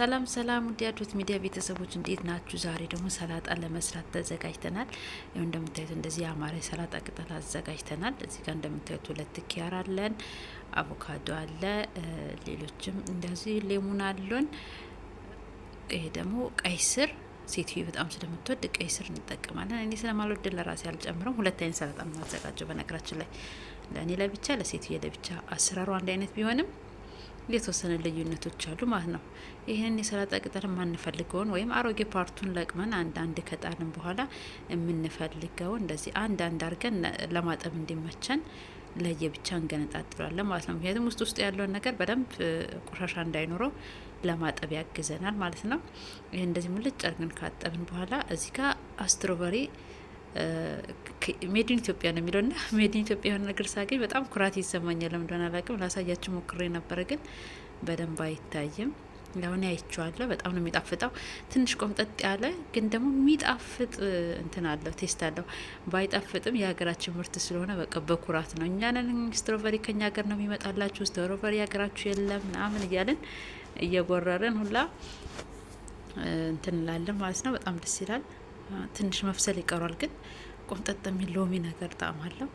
ሰላም ሰላም ውድ ሚዲያ ቤተሰቦች እንዴት ናችሁ? ዛሬ ደግሞ ሰላጣ ለመስራት ተዘጋጅተናል። ይኸው እንደምታዩት እንደዚህ የአማራ የሰላጣ ቅጠል አዘጋጅተናል። እዚህ ጋር እንደምታዩት ሁለት ኪያር አለን፣ አቮካዶ አለ፣ ሌሎችም እንደዚህ ሌሙን አሉን። ይሄ ደግሞ ቀይ ስር ሴትዮ በጣም ስለምትወድ ቀይ ስር እንጠቀማለን። እኔ ስለማልወድ ለራሴ አልጨምረም። ሁለት አይነት ሰላጣ ማዘጋጀው በነገራችን ላይ ለእኔ ለብቻ ለሴትዮ ለብቻ። አሰራሩ አንድ አይነት ቢሆንም የተወሰነ ልዩነቶች አሉ ማለት ነው። ይህንን የሰላጣ ቅጠል የማንፈልገውን ወይም አሮጌ ፓርቱን ለቅመን አንዳንድ አንድ ከጣልን በኋላ የምንፈልገው እንደዚህ አንድ አንድ አድርገን ለማጠብ እንዲመቸን ለየብቻ እንገነጣጥሏለን ማለት ነው። ምክንያቱም ውስጥ ውስጥ ያለውን ነገር በደንብ ቆሻሻ እንዳይኖረው ለማጠብ ያግዘናል ማለት ነው። ይህ እንደዚህ ሙልጭ አድርገን ካጠብን በኋላ እዚህ ጋር አስትሮበሪ ሜድን ኢትዮጵያ ነው የሚለው ና ሜድን ኢትዮጵያ የሆነ ነገር ሳገኝ በጣም ኩራት ይሰማኛል። ለምንደሆነ አላቅም። ላሳያችሁ ሞክሬ ነበረ፣ ግን በደንብ አይታይም። ለሁን ያይቸዋለሁ። በጣም ነው የሚጣፍጠው። ትንሽ ቆምጠጥ ያለ ግን ደግሞ የሚጣፍጥ እንትን አለው፣ ቴስት አለው። ባይጣፍጥም የሀገራችን ምርት ስለሆነ በቃ በኩራት ነው እኛንን ስትሮቨሪ ከኛ ሀገር ነው የሚመጣላችሁ፣ ስትሮቨሪ ሀገራችሁ የለም ምናምን እያለን እየጎረርን ሁላ እንትን ላለን ማለት ነው። በጣም ደስ ይላል። ትንሽ መፍሰል ይቀሯል፣ ግን ቆምጠጥ የሚል ሎሚ ነገር ጣዕም አለው።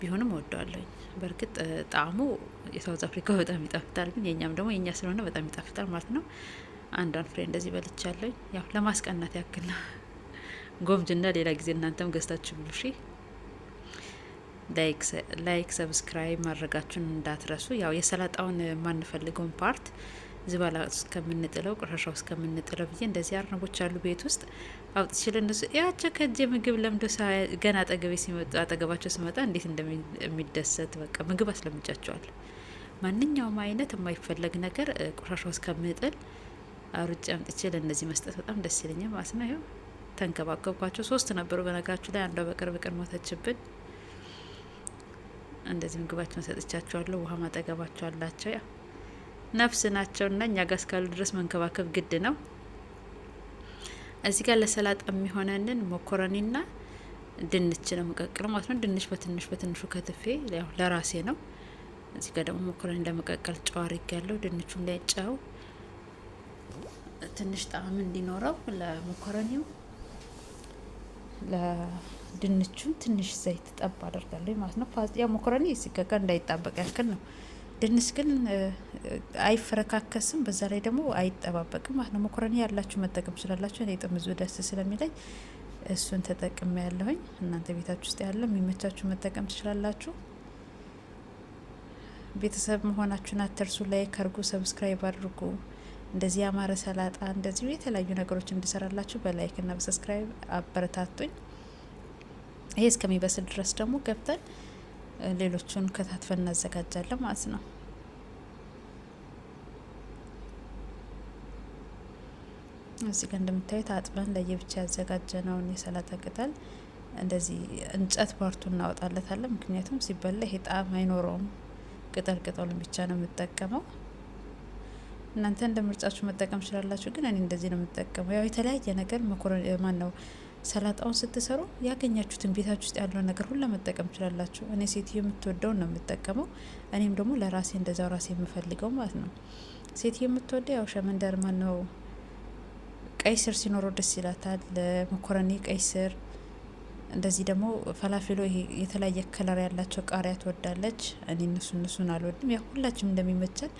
ቢሆንም ወደዋለኝ። በእርግጥ ጣዕሙ የሳውዝ አፍሪካ በጣም ይጣፍጣል፣ ግን የእኛም ደግሞ የእኛ ስለሆነ በጣም ይጣፍጣል ማለት ነው። አንዳንድ ፍሬ እንደዚህ በልቻለኝ። ያው ለማስቀናት ያክል ነው። ጎምጅና ሌላ ጊዜ እናንተም ገዝታችሁ ብሉ። ሺ ላይክ፣ ሰብስክራይብ ማድረጋችሁን እንዳትረሱ። ያው የሰላጣውን የማንፈልገውን ፓርት ዝባላ እስከምንጥለው ቆሻሻው እስከምንጥለው ብዬ እንደዚህ አርነቦች አሉ ቤት ውስጥ አውጥቼ ለእነሱ ያቸው ከእጅ ምግብ ለምዶ ገና አጠገቤ ሲመጡ አጠገባቸው ስመጣ እንዴት እንደሚደሰት በቃ ምግብ አስለምጫቸዋል። ማንኛውም አይነት የማይፈለግ ነገር ቆሻሻው እስከምጥል አሩጭ አምጥቼ ለእነዚህ መስጠት በጣም ደስ ይለኛል ማለት ነው። ይኸው ተንከባከብኳቸው። ሶስት ነበሩ በነጋችሁ ላይ አንዷ በቅርብ ቀን ሞተችብን። እንደዚህ ምግባቸውን ሰጥቻቸዋለሁ። ውሃ ማጠገባቸው አላቸው ያ ነፍስ ናቸውና እኛ ጋር እስካሉ ድረስ መንከባከብ ግድ ነው። እዚህ ጋር ለሰላጣ የሚሆነንን ሞኮረኒና ድንች ነው መቀቅለው ማለት ነው። ድንች በትንሽ በትንሹ ከትፌ ያው ለራሴ ነው። እዚህ ጋር ደግሞ ሞኮረኒ ለመቀቀል ጨው አድርግ ያለው ድንቹም ላይ ጨው ትንሽ ጣዕም እንዲኖረው ለሞኮረኒው ለድንቹም ትንሽ ዘይት ጠብ አደርጋለሁ ማለት ነው። ያው ሞኮረኒ ሲገጋ እንዳይጣበቅ ያክል ነው። ድንስ ግን አይፈረካከስም፣ በዛ ላይ ደግሞ አይጠባበቅም ማለት ነው። መኮረኒ ያላችሁ መጠቀም ስላላችሁ እኔ ጥምዙ ደስ ስለሚለኝ እሱን ተጠቅሜ ያለሁኝ። እናንተ ቤታችሁ ውስጥ ያለ የሚመቻችሁ መጠቀም ትችላላችሁ። ቤተሰብ መሆናችሁን አትርሱ። ላይክ አድርጉ፣ ሰብስክራይብ አድርጉ። እንደዚህ ያማረ ሰላጣ እንደዚሁ የተለያዩ ነገሮች እንድሰራላችሁ በላይክ እና በሰብስክራይብ አበረታቱኝ። ይሄ እስከሚበስል ድረስ ደግሞ ገብተን ሌሎቹን ከታትፈን እናዘጋጃለን ማለት ነው። እዚህ ጋር እንደምታዩት አጥበን ለየብቻ ያዘጋጀነውን የሰላጣ ቅጠል እንደዚህ እንጨት ፓርቱ እናወጣለታለን። ምክንያቱም ሲበላ ይሄ ጣዕም አይኖረውም። ቅጠል ቅጠሉን ብቻ ነው የምጠቀመው። እናንተ እንደ ምርጫችሁ መጠቀም ትችላላችሁ፣ ግን እኔ እንደዚህ ነው የምጠቀመው። ያው የተለያየ ነገር መኮረኒ ማን ነው ሰላጣውን ስትሰሩ ያገኛችሁትን ቤታችሁ ውስጥ ያለውን ነገር ሁላ መጠቀም ትችላላችሁ። እኔ ሴትዮ የምትወደውን ነው የምጠቀመው። እኔም ደግሞ ለራሴ እንደዛው ራሴ የምፈልገው ማለት ነው። ሴትዮ የምትወደ ያው ሸመንደር ማነው ቀይ ስር ሲኖረው ደስ ይላታል። ለመኮረኒ ቀይ ስር እንደዚህ ደግሞ ፈላፊሎ የተለያየ ከለር ያላቸው ቃሪያ ትወዳለች። እኔ እነሱ እነሱን አልወድም። ያ ሁላችንም እንደሚመቸን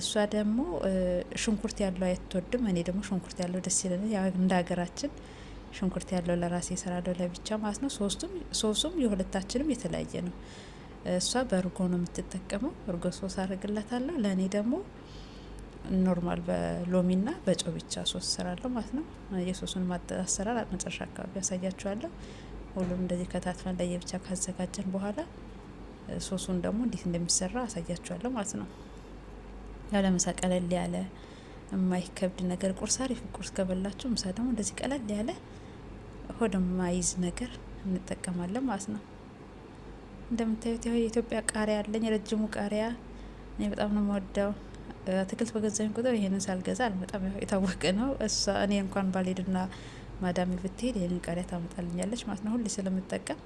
እሷ ደግሞ ሽንኩርት ያለው አትወድም። እኔ ደግሞ ሽንኩርት ያለው ደስ ይለናል። እንደ ሀገራችን ሽንኩርት ያለው ለራሴ እሰራለሁ ለብቻ ማለት ነው። ሶስቱም የሁለታችንም የተለያየ ነው። እሷ በእርጎ ነው የምትጠቀመው። እርጎ ሶስ አድርግላታለሁ። ለእኔ ደግሞ ኖርማል በሎሚና በጨው ብቻ ሶስ እሰራለሁ ማለት ነው። የሶሱን አሰራር መጨረሻ አካባቢ ያሳያችኋለሁ። ሁሉም እንደዚህ ከታትፈን ለየብቻ ካዘጋጀን በኋላ ሶሱን ደግሞ እንዴት እንደሚሰራ አሳያችኋለሁ ማለት ነው። ያለመሳ ቀለል ያለ የማይከብድ ነገር ቁርስ፣ አሪፍ ቁርስ ከበላችሁ ምሳ ደግሞ እንደዚህ ቀለል ያለ ሆድ ማይዝ ነገር እንጠቀማለን ማለት ነው። እንደምታዩት ያው የኢትዮጵያ ቃሪያ አለኝ፣ ረጅሙ ቃሪያ እኔ በጣም ነው የምወደው። አትክልት በገዛኝ ቁጥር ይሄንን ሳልገዛ አልመጣም፣ የታወቀ ነው። እሷ እኔ እንኳን ባልሄድና ማዳሚ ብትሄድ ይህንን ቃሪያ ታመጣልኛለች ማለት ነው። ሁሌ ስለምጠቀም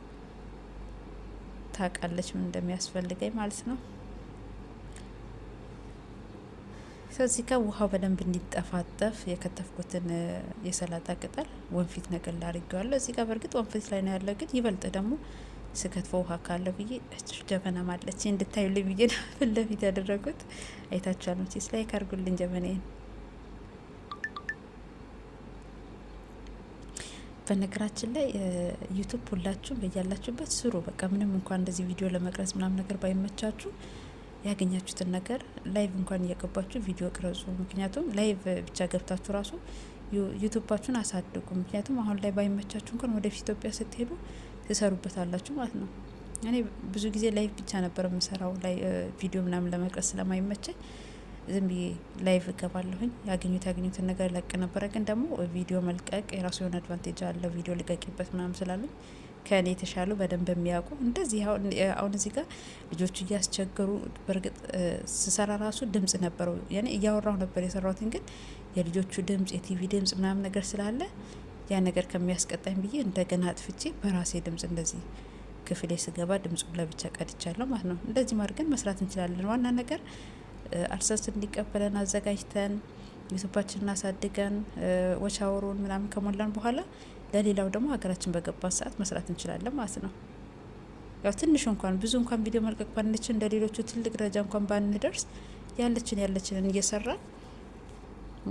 ታውቃለች ምን እንደሚያስፈልገኝ ማለት ነው። ከዚህ ጋር ውሃው በደንብ እንዲጠፋጠፍ የከተፍኩትን የሰላጣ ቅጠል ወንፊት ነገር ላድርገዋለሁ። እዚህ ጋር በእርግጥ ወንፊት ላይ ነው ያለ፣ ግን ይበልጥ ደግሞ ስከትፎ ውሃ ካለው ብዬ እች ጀበና ማለች እንድታዩልኝ ብዬ ፊት ለፊት ያደረጉት አይታችኋል። መቼስ ላይ ካርጉልኝ ጀበናዬን። በነገራችን ላይ ዩቱብ ሁላችሁም በያላችሁበት ስሩ። በቃ ምንም እንኳን እንደዚህ ቪዲዮ ለመቅረጽ ምናምን ነገር ባይመቻችሁ ያገኛችሁትን ነገር ላይቭ እንኳን እየገባችሁ ቪዲዮ ቅረጹ። ምክንያቱም ላይቭ ብቻ ገብታችሁ ራሱ ዩቱባችሁን አሳድጉ። ምክንያቱም አሁን ላይ ባይመቻችሁ እንኳን ወደፊት ኢትዮጵያ ስትሄዱ ትሰሩበት አላችሁ ማለት ነው። እኔ ብዙ ጊዜ ላይቭ ብቻ ነበር የምሰራው ቪዲዮ ምናምን ለመቅረጽ ስለማይመቸኝ ዝም ብዬ ላይቭ እገባለሁኝ። ያገኙት ያገኙትን ነገር ለቅ ነበረ። ግን ደግሞ ቪዲዮ መልቀቅ የራሱ የሆነ አድቫንቴጅ አለው። ቪዲዮ ልቀቂበት ምናምን ስላለኝ ከእኔ የተሻሉ በደንብ የሚያውቁ እንደዚህ አሁን እዚህ ጋር ልጆቹ እያስቸገሩ በእርግጥ ስሰራ ራሱ ድምጽ ነበረው ያኔ እያወራሁ ነበር የሰራሁትን ግን የልጆቹ ድምጽ የቲቪ ድምጽ ምናምን ነገር ስላለ ያ ነገር ከሚያስቀጣኝ ብዬ እንደገና አጥፍቼ በራሴ ድምጽ እንደዚህ ክፍሌ ስገባ ድምፁን ለብቻ ቀድቻለሁ ማለት ነው። እንደዚህ ማድርገን መስራት እንችላለን። ዋና ነገር አርሰስ እንዲቀበለን አዘጋጅተን ዩቱባችንን አሳድገን ወቻወሩን ምናምን ከሞላን በኋላ ለሌላው ደግሞ ሀገራችን በገባት ሰዓት መስራት እንችላለን ማለት ነው። ያው ትንሽ እንኳን ብዙ እንኳን ቪዲዮ መልቀቅ ባንችል እንደ ሌሎቹ ትልቅ ደረጃ እንኳን ባንደርስ ያለችን ያለችንን እየሰራን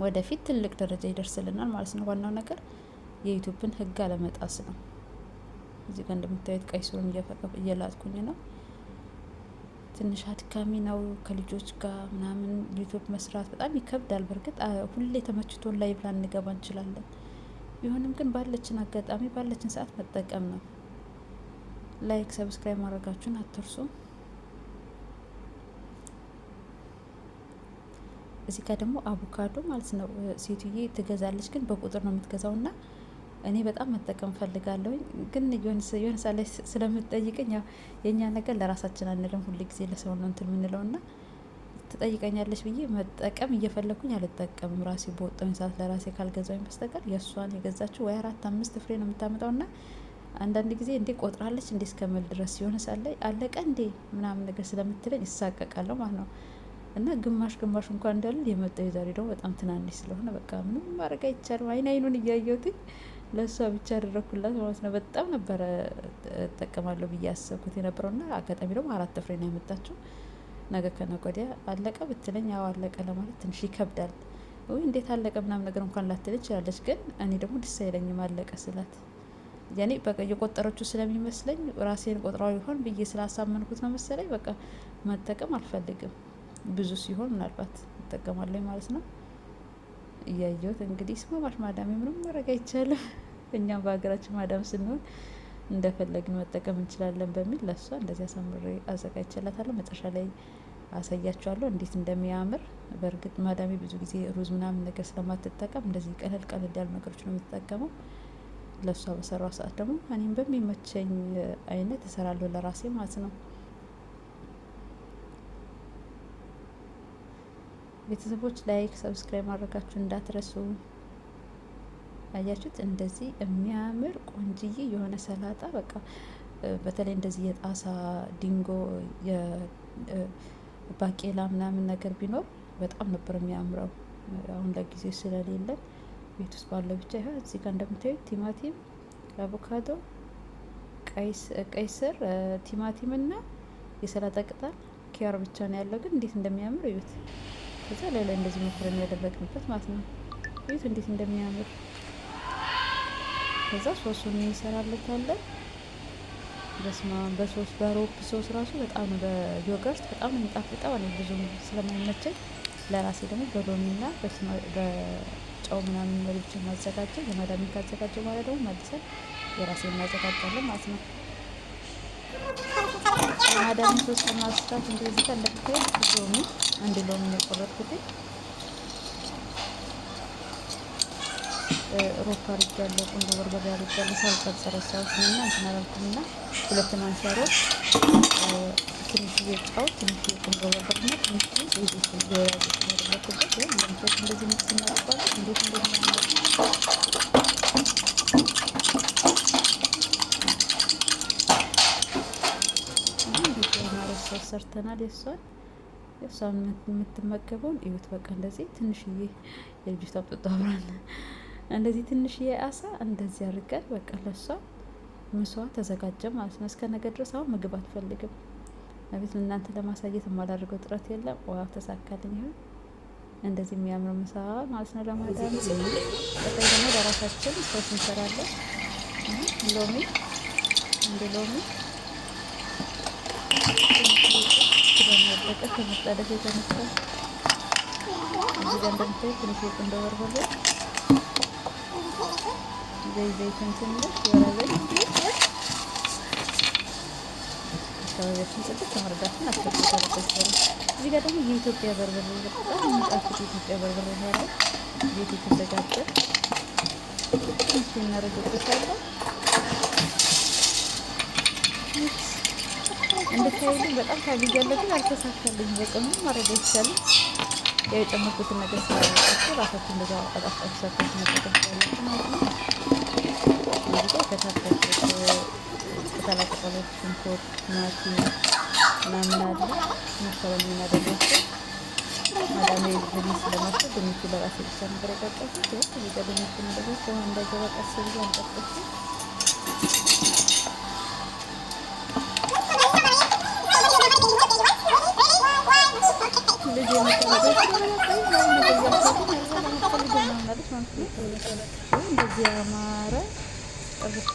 ወደፊት ትልቅ ደረጃ ይደርስልናል ማለት ነው። ዋናው ነገር የዩቱብን ህግ አለመጣስ ነው። እዚህ ጋር እንደምታዩት ቀይ ስሩን እየላጥኩኝ ነው። ትንሽ አድካሚ ነው። ከልጆች ጋር ምናምን ዩቱብ መስራት በጣም ይከብዳል። በእርግጥ ሁሌ ተመችቶን ብላ እንገባ እንችላለን። ቢሆንም ግን ባለችን አጋጣሚ ባለችን ሰዓት መጠቀም ነው። ላይክ፣ ሰብስክራይብ ማድረጋችሁን አትርሱ። እዚህ ጋር ደግሞ አቮካዶ ማለት ነው። ሴትዬ ትገዛለች፣ ግን በቁጥር ነው የምትገዛው እና እኔ በጣም መጠቀም ፈልጋለሁ፣ ግን የሆነ ሳ ላይ ስለምትጠይቀኝ የእኛ ነገር ለራሳችን አንልም፣ ሁል ጊዜ ለሰው ነው እንትን የምንለው እና ትጠይቀኛለች ብዬ መጠቀም እየፈለግኩኝ አልጠቀምም። ራሴ በወጣኝ ሰዓት ለራሴ ካልገዛኝ በስተቀር የእሷን የገዛችው ወይ አራት አምስት ፍሬ ነው የምታመጣው ና አንዳንድ ጊዜ እንዴ ቆጥራለች እንዴ እስከምል ድረስ ሲሆን ሳለ አለቀ እንዴ ምናምን ነገር ስለምትለኝ ይሳቀቃለሁ ማለት ነው። እና ግማሽ ግማሽ እንኳን እንዳለ የመጣው የዛሬ ደግሞ በጣም ትናንሽ ስለሆነ በቃ ምንም ማድረግ አይቻልም። አይን አይኑን እያየሁትኝ ለእሷ ብቻ ያደረግኩላት ማለት ነው። በጣም ነበረ እጠቀማለሁ ብዬ ያሰብኩት የነበረው ና አጋጣሚ ደግሞ አራት ፍሬ ነው ያመጣችው። ነገ ከነገ ወዲያ አለቀ ብትለኝ ያው አለቀ ለማለት ትንሽ ይከብዳል። ወይ እንዴት አለቀ ምናምን ነገር እንኳን ላትል ይችላለች። ግን እኔ ደግሞ ደስ አይለኝም አለቀ ስላት ያኔ በቃ የቆጠረችው ስለሚመስለኝ ራሴን ቆጥራው ይሆን ብዬ ስላሳመንኩት ነው መሰለኝ። በቃ መጠቀም አልፈልግም። ብዙ ሲሆን ምናልባት እጠቀማለሁ ማለት ነው። እያየሁት እንግዲህ ስማማሽ ማዳም ምንም ማድረግ አይቻልም። እኛም በሀገራችን ማዳም ስንሆን እንደፈለግን መጠቀም እንችላለን በሚል ለእሷ እንደዚህ አሳምሬ አዘጋጅቼላታለሁ። መጨረሻ ላይ አሳያችኋለሁ እንዴት እንደሚያምር። በእርግጥ ማዳሚ ብዙ ጊዜ ሩዝ ምናምን ነገር ስለማትጠቀም እንደዚህ ቀለል ቀለል ያሉ ነገሮች ነው የምትጠቀመው። ለእሷ በሰራው ሰዓት ደግሞ እኔም በሚመቸኝ አይነት እሰራለሁ ለራሴ ማለት ነው። ቤተሰቦች ላይክ፣ ሰብስክራይብ ማድረጋችሁ እንዳትረሱ። አያችሁት? እንደዚህ የሚያምር ቆንጅዬ የሆነ ሰላጣ በቃ በተለይ እንደዚህ የጣሳ ዲንጎ የባቄላ ምናምን ነገር ቢኖር በጣም ነበር የሚያምረው። አሁን ለጊዜ ስለሌለ ቤት ውስጥ ባለው ብቻ ይሆን። እዚህ ጋር እንደምታዩት ቲማቲም፣ አቮካዶ፣ ቀይ ስር፣ ቲማቲም እና የሰላጣ ቅጠል ኪያር ብቻ ነው ያለው። ግን እንዴት እንደሚያምር እዩት። ከዛ ላይ ላይ እንደዚህ መኮረኒ ያደረግንበት ማለት ነው። እዩት እንዴት እንደሚያምር ከዛ ሶሱን እንሰራለታለን። በስማ በሶስ በሮፕ ሶስ ራሱ በጣም በዮገርት በጣም የሚጣፍጠው እኔ ብዙም ስለማይመቸኝ ለራሴ ደግሞ በሎሚና በጨው ምናምን መሪች ማዘጋጀው የማዳሚ ካዘጋጀው ማለት ደግሞ መልሰን የራሴ እናዘጋጃለን ማለት ነው። የማዳሚ ሶስ ለማስራት እንደዚህ ከለፍቴ ሎሚ አንድ ሎሚ የቆረጥኩት ሮፓ አድርጊያለሁ፣ ቁንዶ በርበሬ አድርጊያለሁ። ሳልቀብ ሰረሳሁትና እንትን አላልኩምና ሁለት ማንኪያ ዘይት ያደረኩበት ወይም እንደዚህ እንዴት ሰርተናል። የሷን የሷን የምትመገበውን እዩት። በቃ እንደዚህ ትንሽዬ የልጅቷ ጡት አብራን እንደዚህ ትንሽ አሳ እንደዚህ አድርገን በቃ ለሷ ምሷ ተዘጋጀ ማለት ነው። እስከ ነገ ድረስ አሁን ምግብ አትፈልግም። አቤት እናንተ ለማሳየት የማላደርገው ጥረት የለም። ዋው ተሳካልኝ። ይሁን እንደዚህ የሚያምር ምሳ ማለት ነው። ለማዳን በተለይ ደግሞ ለራሳችን ሶስ እንሰራለን። ሎሚ እንደ ሎሚ ስለመጠቀ የተነሳ እዚህ ጋር እንደምታዩት ትንሽ የቁንዶ በርበሬ ዘይት ዘይትን ትንሽ አካባቢያችን ጽድት ማድረጋችን አስፈላጊ እዚህ ጋር ደግሞ የኢትዮጵያ በርበሬ በጣም የሚጣፍጥ የኢትዮጵያ በርበሬ ያለ ቤት የተዘጋጀ እሱን እናደርግበታለን። እንድታይልኝ በጣም ታግያለሁ፣ ግን አልተሳካልኝ። በቀኑ ማድረግ አይቻልም። የጨመርኩትን ነገር ስለሚያውቃቸው ራሳችን በዛ አጣጣፍ ሰርተን መጠቀም ስላላችሁ ማለት ነው። እንግዲህ ከታተፉት ቅጠላ ቅጠሎች፣ ሽንኩርት፣ ቲማቲም ምናምን አለ መሰለኝ የምናደርጋቸው ማዳሜ ድንች ስለማቸው ድንቹ ለራሴ ብቻ ነበር የቀጠፉት። ያው እዚህ ጋር ድንቹን ደግሞ ከሆነ እንደገባ ቀስ ብዬ አንጠጠፉ እንደዚህ ያማረ